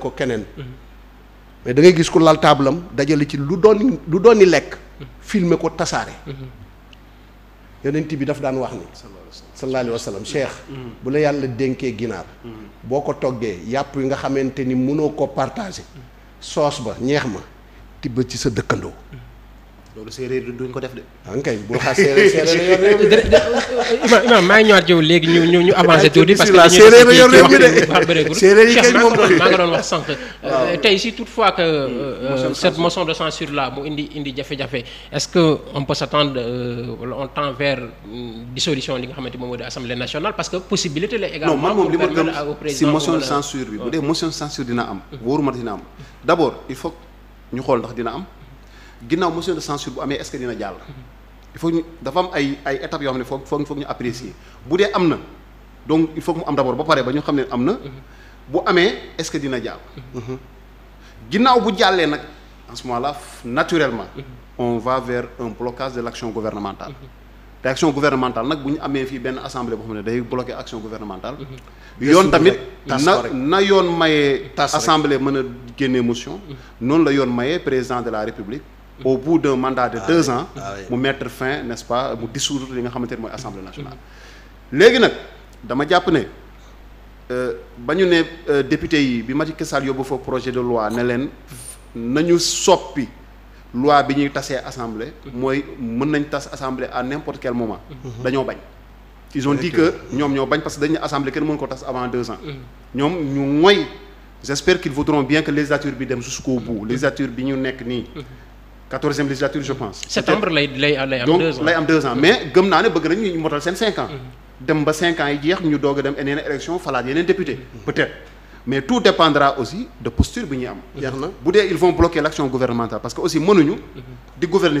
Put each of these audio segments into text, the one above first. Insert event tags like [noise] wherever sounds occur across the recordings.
ko keneen mais da ngay gis ko lal taabalam dajale ci lu doon lu doon ni lekk filmer ko tasaare yonent bi daf daan wax ni sallallahu alayhi wa sallam bu la yàlla dénkee ginaar boo ko toggee yàpp wi nga xamante ni mënoo ko partager soos ba ñeex ma tibb ci sa dëkkandoo loolu séeréer du duñ ko def de. Ah, ok bul xaar séeréer séeréer la [laughs] maa ngi ñëwaat yow léegi ñu ñu ñu avancé ah, tuuti. parce que dañuy séeréer la [laughs] euh, tey si toutefois que. Hmm, euh, euh, cette motion de censure la mu indi indi jafe-jafe est-ce que on peut s'attendre wala on tend vers hmm, dissolution li nga xamante moom moo di assemblée nationale parce que possibilité la également. non man moom li ma gëm si motion de censure bi bu dee motion de censure dina am. wóoruma dina am d'abord il faut ñu xool ndax dina am. ginnaaw motion de censure bu amee est-ce que dina jàll. il faut ñu dafa am ay ay étapes yoo xam ne foog foog foog ñu apprécier bu dee am na donc il faut que mu am d'abord ba pare ba ñu xam ne am na. bu amee est-ce que dina jàll. ginnaaw bu jàllee nag en ce moment-là naturellement. on va vers un blocage de l'action gouvernementale. te action gouvernementale nag bu ñu amee fii benn assemblée boo xam ne day bloquer action gouvernementale. yoon tamit na na yoon mayee. assemblée mën a génnee motion. noonu la yoon mayee président de la république. au bout d'un mandat de ah deux ans ah mu mettre fin nest pas mu dissoudre li nga xamante ne mooy assemblée nationale léegi nag dama jàpp ne euh, ba ñu ne euh, député yi bi ma Macky Sall yóbbu fa projet de loi ne leen nañu soppi loi bi ñuy tasee assemblée mooy mën nañ tas assemblée à n'importe quel moment mhm. dañoo bañ ils ont dit que ñoom ñoo bañ parce que dañu assemblée kenn mënu ko tas avant deux ans mhm. ñoom ñu mooy j'espère qu'ils voudront bien que législature bi dem jusqu'au bout mhm. législature bi ñu nekk nii quatorzième législature je pense. septembre lay lay lay am lay am deux ans mais gëm naa ne bëgg nañ motal seen cinq ans. dem ba cinq ans yi jeex ñu doog a dem yeneen élection falaat yeneen député peut-être mais tout dépendra aussi de posture bi ñuy am. jeex na bu dee ils vont bloquer l'action gouvernementale parce que aussi mënuñu. Mhm. di gouverner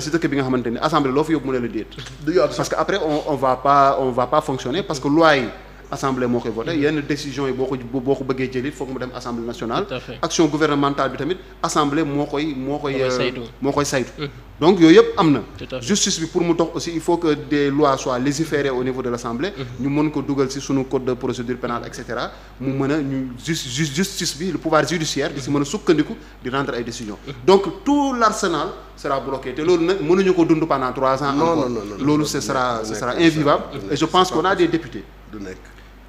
parce que après on va pas on va pas fonctionner parce que loi yi. assemblée moo koy voté mm-hmm. yenn décision yi boo ko boo ko bëggee jëlit foog mu dem assemblée nationale action gouvernementale bi tamit assemblée moo koy moo koy euh, saytu mm-hmm. donc yooyu yëpp am na justice bi pour mu dox aussi il faut que des lois soient légiférées au niveau de l'assemblée mm-hmm. ñu mën ko dugal ci suñu code de procédure pénale et cetera mu mën a ñu justice bi le pouvoir judiciaire di ci mën a sukkandiku di rendre ay décisions donc tout l'arsenal sera bloqué te loolu nag mënuñu ko dund pendant trois ans encore loolu je pense qu'on a des députés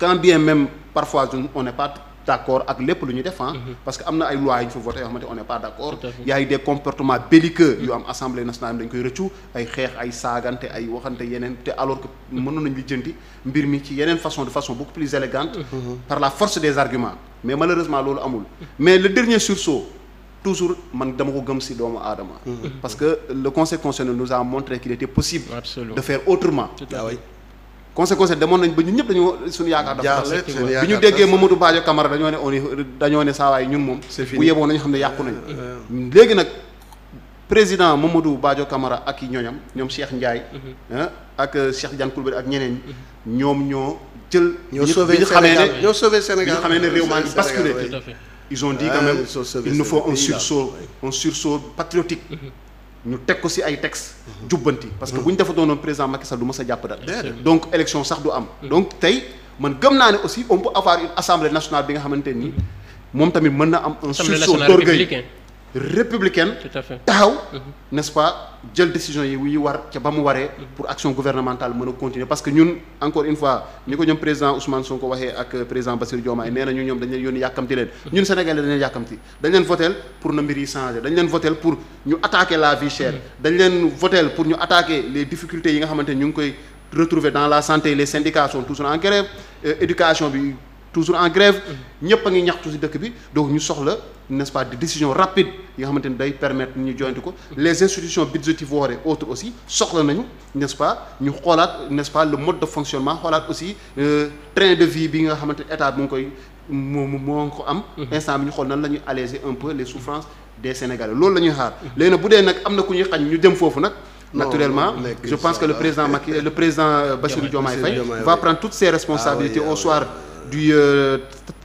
tant bien même parfois on n'est pas d'accord ak lépp lu ñu def mm-hmm. parce que am na ay lois ñu fa voté yoo xamante on n'est d'accord y a eu des comportements belliqueux mm-hmm. yu am assemblée nationale dañ koy rëccu ay xeex ay saagante ay waxante yeneen te alors que mënoon nañu lijjanti mbir mi ci yeneen façon de façon beaucoup plus élégante mm-hmm. par la force des arguments mais malheureusement loolu amul mais le dernier sursaut toujours man dama ko gëm ci doomu aadama parce que le conseil constitutionnel nous a montré qu'il était conséquence demoon nañ ba ñu ñëpp dañoo suñu yaakaar dafa bi ñu déggee Mamadou Badio Camara dañoo ne on dañoo ne saawaay ñun moom bu yeboon nañu xam ne yàqu nañ euh. léegi nag président Mamadou Badio kamara ak i ñooñam ñoom Cheikh Ndiaye mhm. ak euh, Cheikh Diagne Coulibaly ak ñeneen mhm. ñoom ñoo jël ñoo sauvé Sénégal bi ñu xamee ne réew maa ngi basculé ils ont dit quand même il nous faut un sursaut un patriotique mhm. ñu teg ko si ay tex jubbanti parce que bu ñu dafa doonoon président Macky Sall du ma sa jàpp dal donc élection sax du am. Mm. donc tey man gëm naa ne aussi on peut avoir une assemblée nationale bi nga xamante nii moom tamit mën na am un sursaut d'orgueil républicaine taxaw mhm. n'est-ce pas jël décision yi war ca ba mu waree mhm. pour action gouvernementale mën a continuer parce que ñun encore une fois ni ko ñoom président Ousmane Sonko waxee ak euh, président Bassirou Diomaye nee na ñu ñoom dañ leen yàkkamti leen mhm. ñun Sénégalais dañ leen yàkkamti dañ leen votel pour na mbir yi changer dañ leen votel pour ñu attaquer la vie chère dañ leen votel pour ñu attaquer les difficultés yi nga xamante ne ñu ngi koy retrouver dans la santé les euh, bi toujours en grève ñëpp a ngi ñaxtu ci dëkk bi donc ñu soxla n'est-ce pas des décisions rapides yi nga xamante ni day permettre ñu joyante ko les institutions budgétivores et autres aussi soxla nañu n'est-ce ñu xoolaat n'est-ce pas le mode de fonctionnement aussi euh, train de vie bi nga xamante ni mu ngi koy moo moo ko am mm-hmm. instant bi ñu xool nan la ñuy alléger un peu les souffrances des Sénégalais dee nag am na ku ñu dem foofu nag naturellement non, je pense que le président Macky le président Bassirou Diomaye Faye va prendre toutes ses ah responsabilités ah au soir du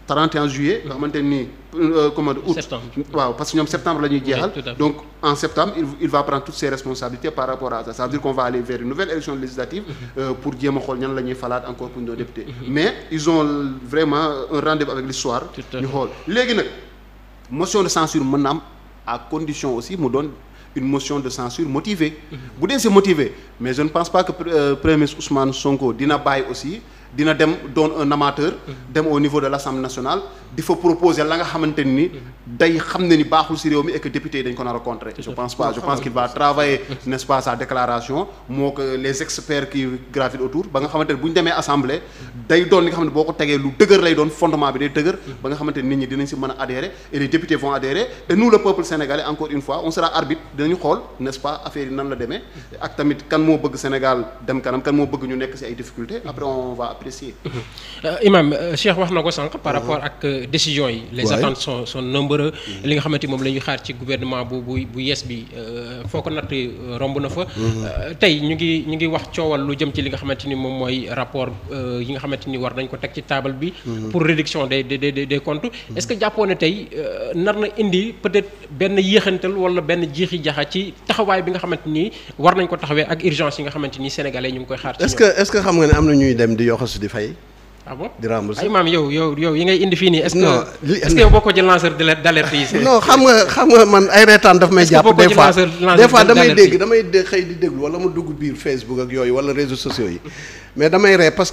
31 euh, juillet nga xamante ni euh, comment août parce que ñoom septembre la ñuy jeexal donc en septembre il va prendre toutes ses responsabilités par rapport à ça ça veut qu'on va aller vers une nouvelle élection législative mm-hmm. euh, pour jéem a xool ñan la ñuy falaat encore pour nos députés mm-hmm. mais ils ont vraiment un rendez avec l'histoire ñu xool léegi nag motion de censure mën na condition aussi mu doon une motion de censure motivée mm-hmm. bu dee c'est motivé mais je ne pense pas que dina dem doon un amateur. Mm-hmm. dem au niveau de la l'Assemblée nationale di fa proposer la nga xamante ni day xam ne ni baaxul ci réew mi et député yi dañ ko a contrer je pense pas je pense qu'il va travailler [laughs] nest pas sa déclaration moo que les experts qui gravitent autour ba nga xamante ni demee assemblée day doon li xam ne boo ko tegee lu dëgër lay doon fondement bi day dëgër ba nga xamante nit ñi dinañ ci mën a adhérer les députés vont adhérer et nous le peuple sénégalais encore une fois on sera arbitre dinañu [laughs] décisions yi les attentes sont sont nombreux mm-hmm. li nga xamante moom la ñuy xaar ci gouvernement bu bu yees bi euh, foo ko natt euh, romb na fa mm-hmm. euh, tey ñu ngi ñu ngi wax coowal lu jëm ci li nga xamante ni moom mooy rapport yi nga xamante ni war nañ ko teg ci table bi mm-hmm. pour réduction des des des comptes est-ce ne tey nar na indi peut-être benn yéexantal wala benn jiixi jaxa ci taxawaay bi nga xamante ni war nañ ko taxawee ak urgence yi nga xamante ni sénégalais ñu ngi koy xaar ci est-ce que est que xam nga ne am na ñuy dem di yoxasu di fay ah bon maam yow yow yow yi ngay indi fii nii. est-ce que est-ce que yow bokkoo ci lanceur d'alerte yi. non xam nga xam nga man ay reetaan daf may jàpp des fois des fois damay dégg damay xëy di déglu wala mu dugg biir Facebook ak yooyu wala réseaux sociaux yi mais damay ree parce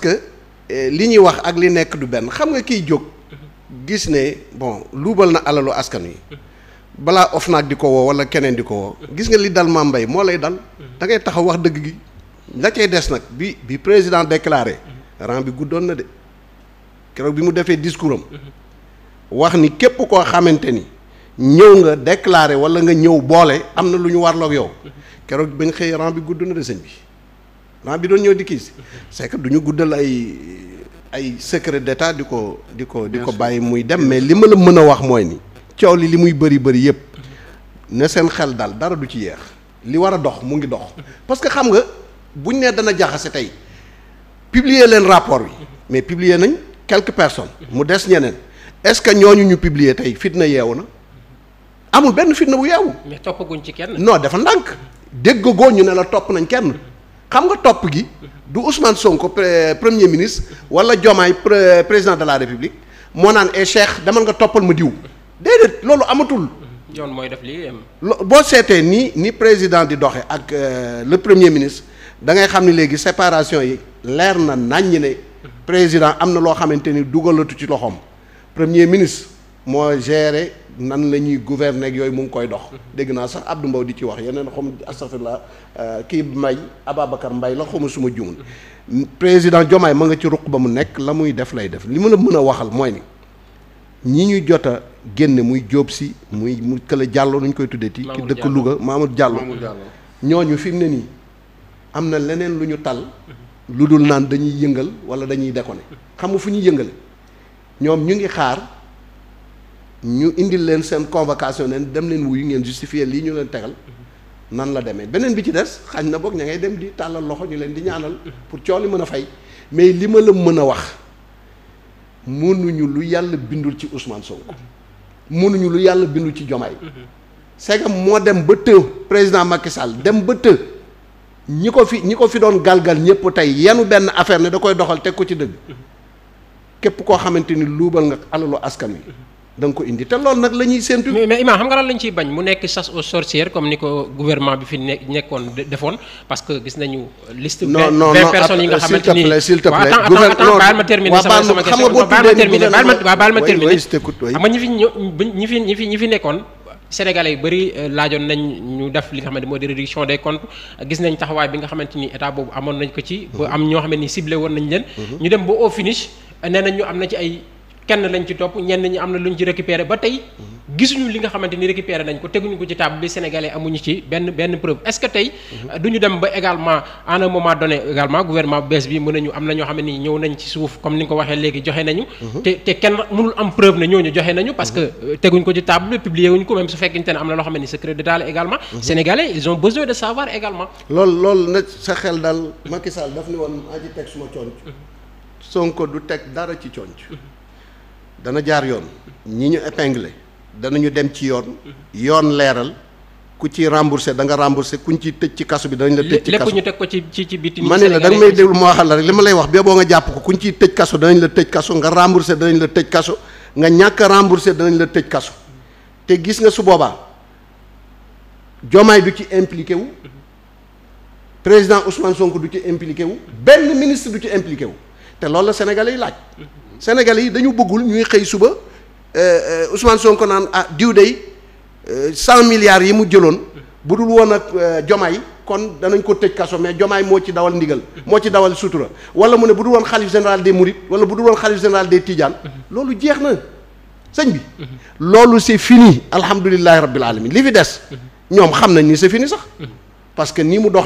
eh, li ñuy wax ak li nekk du benn xam nga kiy jóg gis ne bon luubal na alalu askan wi balaa OFNAC di ko woo wala keneen di ko woo gis nga li dal Mame Mbaye moo lay dal da ngay taxaw wax dëgg gi la cay des nag bi bi président déclaré rang bi keroog bi mu defee discours am wax ni képp koo xamante ni ñëw nga déclaré wala nga ñëw boole am na lu ñu warloog yow keroog bañ nga xëyee rang bi gudd na de sëñ bi rang bi doon ñëw di kiis c'est que du ñu guddal ay ay secret d'état di ko di ko di ko bàyyi muy dem mais li ma la mën a wax mooy ni coow li li muy bëri bëri yëpp ne seen xel daal dara du ci yeex li war a dox mu ngi dox parce que xam nga buñ ne dana jaxase tey publier leen rapport bi mais publier nañ quelque personne mu des ñeneen est-ce que ñooñu ñu publier tey fitna yeewu na amul benn fitna bu yeewu. mais toppaguñ ci kenn. non dafa ndànk déggagoo ñu ne la topp nañ kenn xam nga topp gi du Ousmane Sonko premier ministre wala Diomaye président de la République moo naan e Cheikh demal nga toppal ma diw déedéet loolu amatul. yoon mooy def lii boo seetee nii ni président di doxe ak euh, le premier ministre da ngay xam ni léegi séparation yi leer na naññ ne. président am na loo xamante ni dugalatu ci loxoom premier ministre moo géré nan la ñuy gouverner yooyu mu ngi koy dox. dégg naa sax Abdou Mbow di ci wax yeneen xom astafurlah euh, kii Mbaye Ababacar mbay la xawma suma jumul président Diomaye ma nga ci ruq ba mu nekk la muy def lay def li ma la mën a waxal mooy ni ñi ñuy jot a génne muy jóob si muy mu kële jàllo nu ñu koy tuddee ti ki dëkk Louga Mamadou Diallo ñooñu fi mu ne nii am na leneen lu ñu tal. Mm-hmm. lu dul naan dañuy yëngal wala dañuy déconner xam nga fu ñuy yëngale ñoom ñu ngi xaar ñu indi leen seen convocation neen dem leen wuyu ngeen justifier lii ñu leen tegal nan la demee beneen bi ci des xañ na boog ña ngay dem di tàllal loxo ñu leen di ñaanal pour cooli mën a fay mais li ma la mën a wax mënuñu lu yàlla bindul ci Ousmane Sonko mënuñu lu yàlla bindul ci Diomaye mm-hmm. c'est moo dem ba të président Macky Sall dem ba të ñi ko fi ñi ko fi doon galgal ñëpp tey yanu benn affaire ne da koy doxal te ko ci dëgg mhm. képp koo xamante luubal nga alalu askan wi mhm. da ko indi te loolu nag la ñuy séntu. mais Imaam xam nga lan lañ ciy bañ mu nekk chasse aux sorcières comme ni ko gouvernement bi fi nekkoon defoon parce que gis nañu. liste non non vingt nga xamante ni s'il te plaît s'il te plaît. attends attends baal ma terminer sama sama question baal ma terminer baal ma terminer. xam ñi fi ñi fi ñi fi ñi fi nekkoon. sénégalais yu bëri euh, laajoon nañ ñu def li nga xamante moo di réduction des comptes gis nañ taxawaay bi nga xamante ni état boobu amoon nañ ko ci ba am ñoo xamante ni ciblé woon nañ leen mhm. ñu dem ba au finish nee nañ ñu am na ci ay kenn lañ ci topp ñenn ñi am na lu luñ ci récupéré ba tey gisuñu li nga xamante ni récupéré nañ ko teguñu ko ci table bi sénégalais amuñu ci benn benn preuve est-ce que tey mhm. duñu dem ba également en un moment donné également gouvernement bu bi mën nañu am na ñoo xam ne ñëw nañ ci suuf comme ni nga ko waxee léegi joxe nañu mhm. te te kenn mënul am preuve ne ñooñu joxe nañu parce que mhm. euh, teguñ ko ci table bi publié wuñ ko même su fekkente ne am na loo xam ne ni secret d'état la également sénégalais ils ont besoin de savoir également loolu loolu daal Macky Sall daf ni woon aji teg suma du teg dara ci conc dana jaar yoon ñi ñu épinglé danañu dem ci yoon yoon leeral ku ci remboursé da nga remboursé kuñ ci tëj ci kaso bi danañ la tëj ci kaso ñu teg ko ci ci ci biti ma ne la da nga may déglu ma li ma lay wax bee boo jàpp ko kuñ ciy tëj kaso danañ la tëj kaso nga remboursé danañ la tëj kaso nga ñàkk a remboursé danañ la tëj kaso te gis nga su boobaa jomaay du ci impliqué wu président Ousmane Sonko du ci impliqué wu benn ministre du ci impliqué wu te loolu la sénégalais yi laaj Sénégalais yi dañu bëggul ñuy xëy suba euh, euh, Ousmane ko naan a ah, diw day euh, cent milliards yi mu jëloon bu dul woon ak Jomaay kon danañ ko tëj kaso mais Jomaay moo ci dawal ndigal moo ci dawal sutura wala mu ne bu dul woon xalif général des Mourides wala bu dul woon xalif général de Tidiane loolu jeex na sëñ bi loolu c'est fini alhamdulillahi rabbil alamin li fi des ñoom xam nañ ni c'est fini sax parce que ni mu doxee